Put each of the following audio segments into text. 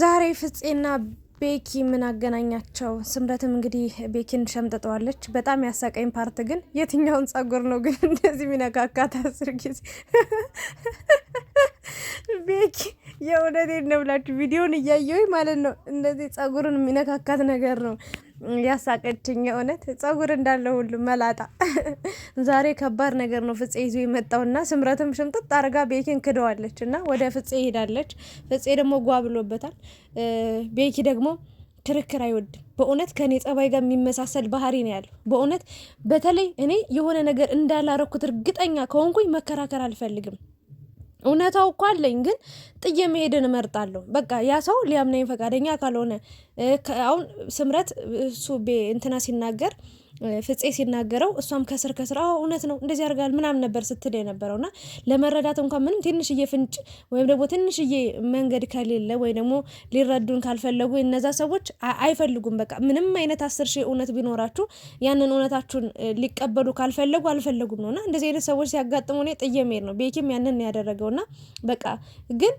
ዛሬ ፍፄና ቤኪ ምን አገናኛቸው? ስምረትም እንግዲህ ቤኪን ሸምጥጠዋለች። በጣም ያሳቀኝ ፓርት ግን የትኛውን ጸጉር ነው ግን እንደዚህ ሚነካካት አስር ጊዜ ቤኪ የእውነቴን ነው ብላችሁ ቪዲዮን እያየሁኝ ማለት ነው። እንደዚህ ጸጉርን የሚነካካት ነገር ነው ያሳቀችኝ እውነት ጸጉር እንዳለው ሁሉ መላጣ። ዛሬ ከባድ ነገር ነው ፍፄ ይዞ የመጣውና ስምረትም ሽምጥጥ አርጋ ቤኪን ክደዋለች እና ወደ ፍፄ ሄዳለች። ፍፄ ደግሞ ጓ ብሎበታል። ቤኪ ደግሞ ክርክር አይወድም። በእውነት ከእኔ ጸባይ ጋር የሚመሳሰል ባህሪ ነው ያለው። በእውነት በተለይ እኔ የሆነ ነገር እንዳላረኩት እርግጠኛ ከሆንኩኝ መከራከር አልፈልግም። እውነታው እኮ አለኝ፣ ግን ጥዬ መሄድን እመርጣለሁ። በቃ ያ ሰው ሊያምነኝ ፈቃደኛ ካልሆነ አሁን ስምረት እሱ ቤ እንትና ሲናገር ፍፄ ሲናገረው እሷም ከስር ከስር አዎ እውነት ነው እንደዚህ ያደርጋል ምናምን ነበር ስትል የነበረው እና ለመረዳት እንኳን ምንም ትንሽዬ ፍንጭ ወይም ደግሞ ትንሽዬ መንገድ ከሌለ ወይ ደግሞ ሊረዱን ካልፈለጉ እነዛ ሰዎች አይፈልጉም። በቃ ምንም አይነት አስር ሺህ እውነት ቢኖራችሁ ያንን እውነታችሁን ሊቀበሉ ካልፈለጉ አልፈለጉም ነውና እንደዚህ አይነት ሰዎች ሲያጋጥሙ እኔ ጥዬ መሄድ ነው። ቤኪም ያንን ያደረገውና በቃ ግን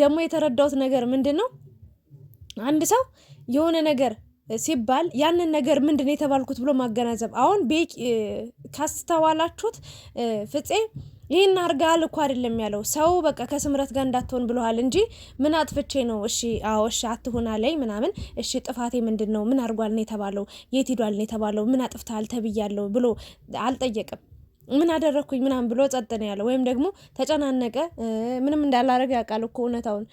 ደግሞ የተረዳሁት ነገር ምንድን ነው አንድ ሰው የሆነ ነገር ሲባል ያንን ነገር ምንድን የተባልኩት ብሎ ማገናዘብ። አሁን ቤቂ ካስተዋላችሁት ፍፄ ይህን አርጋል እኮ አይደለም ያለው ሰው በቃ ከስምረት ጋር እንዳትሆን ብለሃል እንጂ ምን አጥፍቼ ነው? እሺ አዎ፣ እሺ አትሆና ላይ ምናምን እሺ፣ ጥፋቴ ምንድን ነው? ምን አርጓል ነው የተባለው? የት ሂዷል ነው የተባለው? ምን አጥፍታል ተብያለው ብሎ አልጠየቅም። ምን አደረግኩኝ ምናምን ብሎ ጸጥ ነው ያለው። ወይም ደግሞ ተጨናነቀ። ምንም እንዳላረግ ያውቃል እኮ እውነታውን።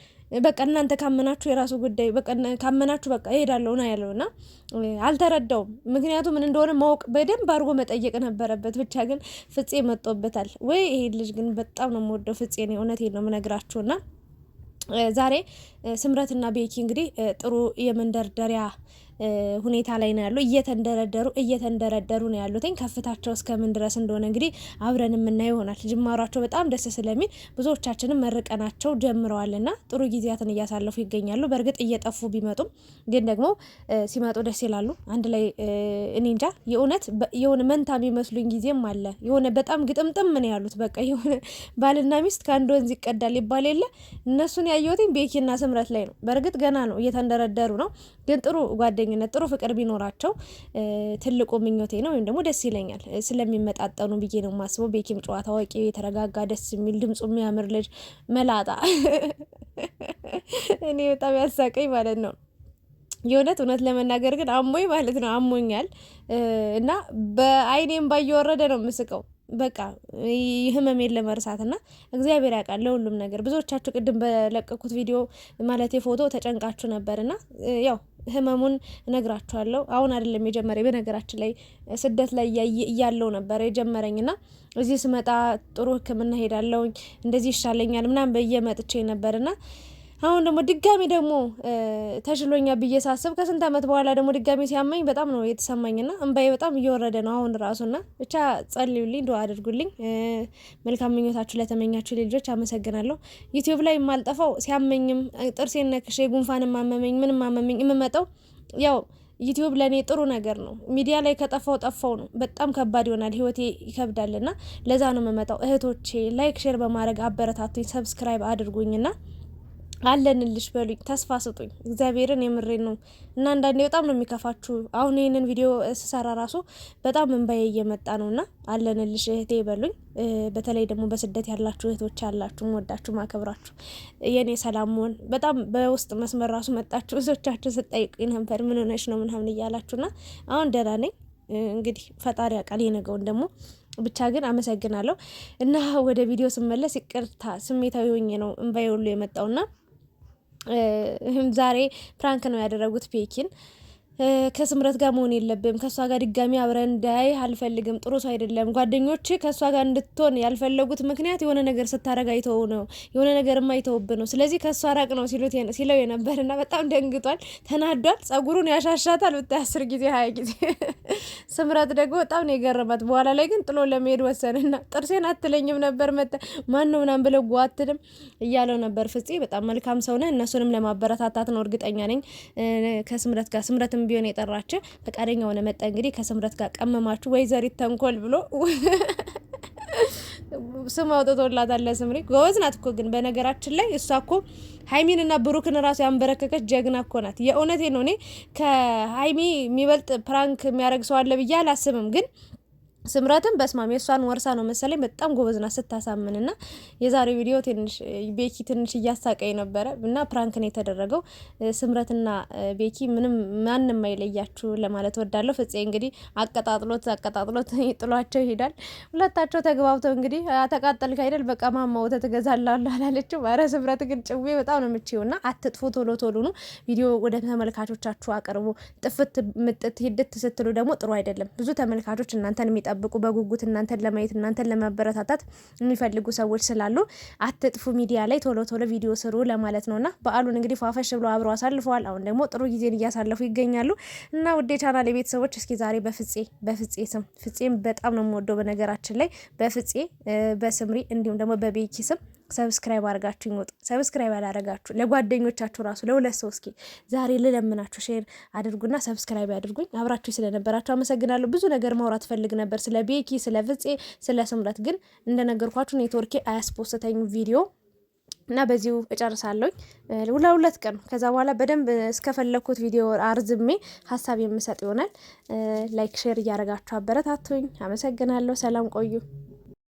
በቃ እናንተ ካመናችሁ የራሱ ጉዳይ፣ ካመናችሁ በቃ እሄዳለሁ ነው ያለው። እና አልተረዳውም። ምክንያቱ ምን እንደሆነ ማወቅ በደንብ አድርጎ መጠየቅ ነበረበት። ብቻ ግን ፍጼ መጦበታል። ወይ ይሄ ልጅ ግን በጣም ነው የምወደው ፍጼ ነው፣ እውነቴን ነው የምነግራችሁና ዛሬ ስምረትና ቤኪ እንግዲህ ጥሩ የመንደርደሪያ ሁኔታ ላይ ነው ያሉ። እየተንደረደሩ እየተንደረደሩ ነው ያሉትኝ ከፍታቸው እስከምን ድረስ እንደሆነ እንግዲህ አብረን የምናየው ይሆናል። ጅማሯቸው በጣም ደስ ስለሚል ብዙዎቻችንም መርቀናቸው ጀምረዋልና ጥሩ ጊዜያትን እያሳለፉ ይገኛሉ። በእርግጥ እየጠፉ ቢመጡም ግን ደግሞ ሲመጡ ደስ ይላሉ። አንድ ላይ እኔ እንጃ የእውነት የሆነ መንታ የሚመስሉኝ ጊዜም አለ። የሆነ በጣም ግጥምጥም ምን ያሉት በቃ የሆነ ባልና ሚስት ከአንድ ወንዝ ይቀዳል ይባል የለ እነሱን ያየሁትኝ ቤኪና ስምረት ላይ ነው። በእርግጥ ገና ነው እየተንደረደሩ ነው፣ ግን ጥሩ ጓደ ጓደኝነት ጥሩ ፍቅር ቢኖራቸው ትልቁ ምኞቴ ነው፣ ወይም ደግሞ ደስ ይለኛል። ስለሚመጣጠኑ ብዬ ነው የማስበው። ቤኪም ጨዋታ አዋቂ፣ የተረጋጋ፣ ደስ የሚል ድምፁ የሚያምር ልጅ መላጣ፣ እኔ በጣም ያሳቀኝ ማለት ነው። የእውነት እውነት ለመናገር ግን አሞኝ ማለት ነው አሞኛል፣ እና በአይኔም ባየወረደ ነው የምስቀው በቃ ህመሜን ለመርሳት እና እግዚአብሔር ያውቃል ለሁሉም ነገር። ብዙዎቻችሁ ቅድም በለቀኩት ቪዲዮ ማለት ፎቶ ተጨንቃችሁ ነበር እና ያው ህመሙን እነግራችኋለሁ። አሁን አይደለም የጀመረ በነገራችን ላይ ስደት ላይ እያለው ነበር የጀመረኝ እና እዚህ ስመጣ ጥሩ ህክምና ሄዳለውኝ እንደዚህ ይሻለኛል ምናምን በየመጥቼ ነበር እና አሁን ደግሞ ድጋሚ ደግሞ ተሽሎኛ ብዬ ሳስብ ከስንት ዓመት በኋላ ደግሞ ድጋሚ ሲያመኝ በጣም ነው የተሰማኝና እንባዬ በጣም እየወረደ ነው አሁን ራሱና። ብቻ ጸልዩልኝ፣ ዱዓ አድርጉልኝ። መልካም ምኞታችሁ ለተመኛችሁ ልጆች አመሰግናለሁ። ዩቲዩብ ላይ የማልጠፋው ሲያመኝም ጥርሴን ነክሼ ጉንፋን ማመመኝ ምን ማመመኝ የምመጣው ያው ዩቲዩብ ለእኔ ጥሩ ነገር ነው። ሚዲያ ላይ ከጠፋው ጠፋው ነው። በጣም ከባድ ይሆናል፣ ህይወቴ ይከብዳልና ለዛ ነው የምመጣው። እህቶቼ ላይክ ሼር በማድረግ አበረታቱኝ፣ ሰብስክራይብ አድርጉኝና አለንልሽ በሉኝ፣ ተስፋ ስጡኝ። እግዚአብሔርን የምሬን ነው እና አንዳንዴ በጣም ነው የሚከፋችሁ። አሁን ይህንን ቪዲዮ ስሰራ ራሱ በጣም እንባዬ እየመጣ ነው እና አለንልሽ እህቴ በሉኝ። በተለይ ደግሞ በስደት ያላችሁ እህቶች ያላችሁ ወዳችሁ ማከብራችሁ የእኔ ሰላም መሆን በጣም በውስጥ መስመር ራሱ መጣችሁ እዞቻችሁ ስጠይቁኝ ነበር ምን ሆነሽ ነው ምናምን እያላችሁና አሁን ደህና ነኝ። እንግዲህ ፈጣሪ ያውቃል የነገውን ደግሞ ብቻ ግን አመሰግናለሁ እና ወደ ቪዲዮ ስመለስ ይቅርታ ስሜታዊ ሆኜ ነው እንባዬ ሁሉ የመጣውና ዛሬ ፕራንክ ነው ያደረጉት ፔኪን። ከስምረት ጋር መሆን የለብም። ከእሷ ጋር ድጋሚ አብረን እንዳይ አልፈልግም። ጥሩ ሰው አይደለም። ጓደኞች ከእሷ ጋር እንድትሆን ያልፈለጉት ምክንያት የሆነ ነገር ስታረግ አይተው ነው፣ የሆነ ነገር አይተውብ ነው። ስለዚህ ከእሷ ራቅ ነው ሲለው የነበር እና በጣም ደንግጧል፣ ተናዷል። ጸጉሩን ያሻሻታል ብታይ አስር ጊዜ ሀያ ጊዜ። ስምረት ደግሞ በጣም ነው የገረማት። በኋላ ላይ ግን ጥሎ ለመሄድ ወሰንና ጥርሴን አትለኝም ነበር መጠ ማን ነው ምናምን ብለው ጓትንም እያለው ነበር። ፍጽ በጣም መልካም ሰውነ እነሱንም ለማበረታታት ነው እርግጠኛ ነኝ ከስምረት ጋር ስምረት ቢሆን የጠራች ፈቃደኛ ሆነ መጣ። እንግዲህ ከስምረት ጋር ቀመማችሁ ወይዘሪት ተንኮል ብሎ ስም አውጥቶላታል ለስምሪ። ጎበዝ ናት እኮ ግን በነገራችን ላይ እሷ እኮ ሀይሚን እና ብሩክን ራሱ ያንበረከከች ጀግና እኮ ናት። የእውነቴ ነው። እኔ ከሀይሚ የሚበልጥ ፕራንክ የሚያደርግ ሰው አለ ብዬ አላስብም ግን ስምረትም በስማም የእሷን ወርሳ ነው መሰለኝ። በጣም ጎበዝና ስታሳምን ና የዛሬ ቪዲዮ ትንሽ ቤኪ ትንሽ እያሳቀኝ ነበረ እና ፕራንክ ነው የተደረገው። ስምረትና ቤኪ ምንም ማንም አይለያችሁ ለማለት ወዳለሁ። ፍፄ እንግዲህ አቀጣጥሎት አቀጣጥሎት ጥሏቸው ይሄዳል። ሁለታቸው ተግባብተው እንግዲህ ተቃጠልክ አይደል በቃ ማማ ወተት እገዛላለሁ አላለችው። ኧረ ስምረት ግን ጭዌ በጣም ነው የምችው ና አትጥፉ፣ ቶሎ ቶሎ ነው ቪዲዮ ወደ ተመልካቾቻችሁ አቅርቡ። ጥፍት ምጥት ሂድት ስትሉ ደግሞ ጥሩ አይደለም። ብዙ ተመልካቾች እናንተን የሚጠ የሚጠብቁ በጉጉት እናንተን ለማየት እናንተን ለማበረታታት የሚፈልጉ ሰዎች ስላሉ አትጥፉ። ሚዲያ ላይ ቶሎ ቶሎ ቪዲዮ ስሩ ለማለት ነውና በዓሉን እንግዲህ ፏፈሽ ብሎ አብረው አሳልፈዋል። አሁን ደግሞ ጥሩ ጊዜን እያሳለፉ ይገኛሉ እና ውዴ ቻናል የቤተሰቦች እስኪ ዛሬ በፍጼ በፍጼ ስም ፍጼም በጣም ነው የምወደው በነገራችን ላይ በፍጼ በስምሪ እንዲሁም ደግሞ በቤኪ ስም ሰብስክራይብ አድርጋችሁ ይወጡ። ሰብስክራይብ ያላረጋችሁ ለጓደኞቻችሁ ራሱ ለሁለት ሰው እስኪ ዛሬ ልለምናችሁ ሼር አድርጉና ሰብስክራይብ ያድርጉኝ። አብራችሁ ስለነበራችሁ አመሰግናለሁ። ብዙ ነገር ማውራት ፈልግ ነበር ስለ ቤኪ፣ ስለ ፍፄ፣ ስለ ስምረት ግን እንደነገርኳችሁ ኔትወርኬ አያስፖስተኝ ቪዲዮ እና በዚሁ እጨርሳለሁኝ። ለሁለት ቀን ከዛ በኋላ በደንብ እስከፈለግኩት ቪዲዮ አርዝሜ ሀሳብ የምሰጥ ይሆናል። ላይክ ሼር እያደረጋችሁ አበረታቱኝ። አመሰግናለሁ። ሰላም ቆዩ።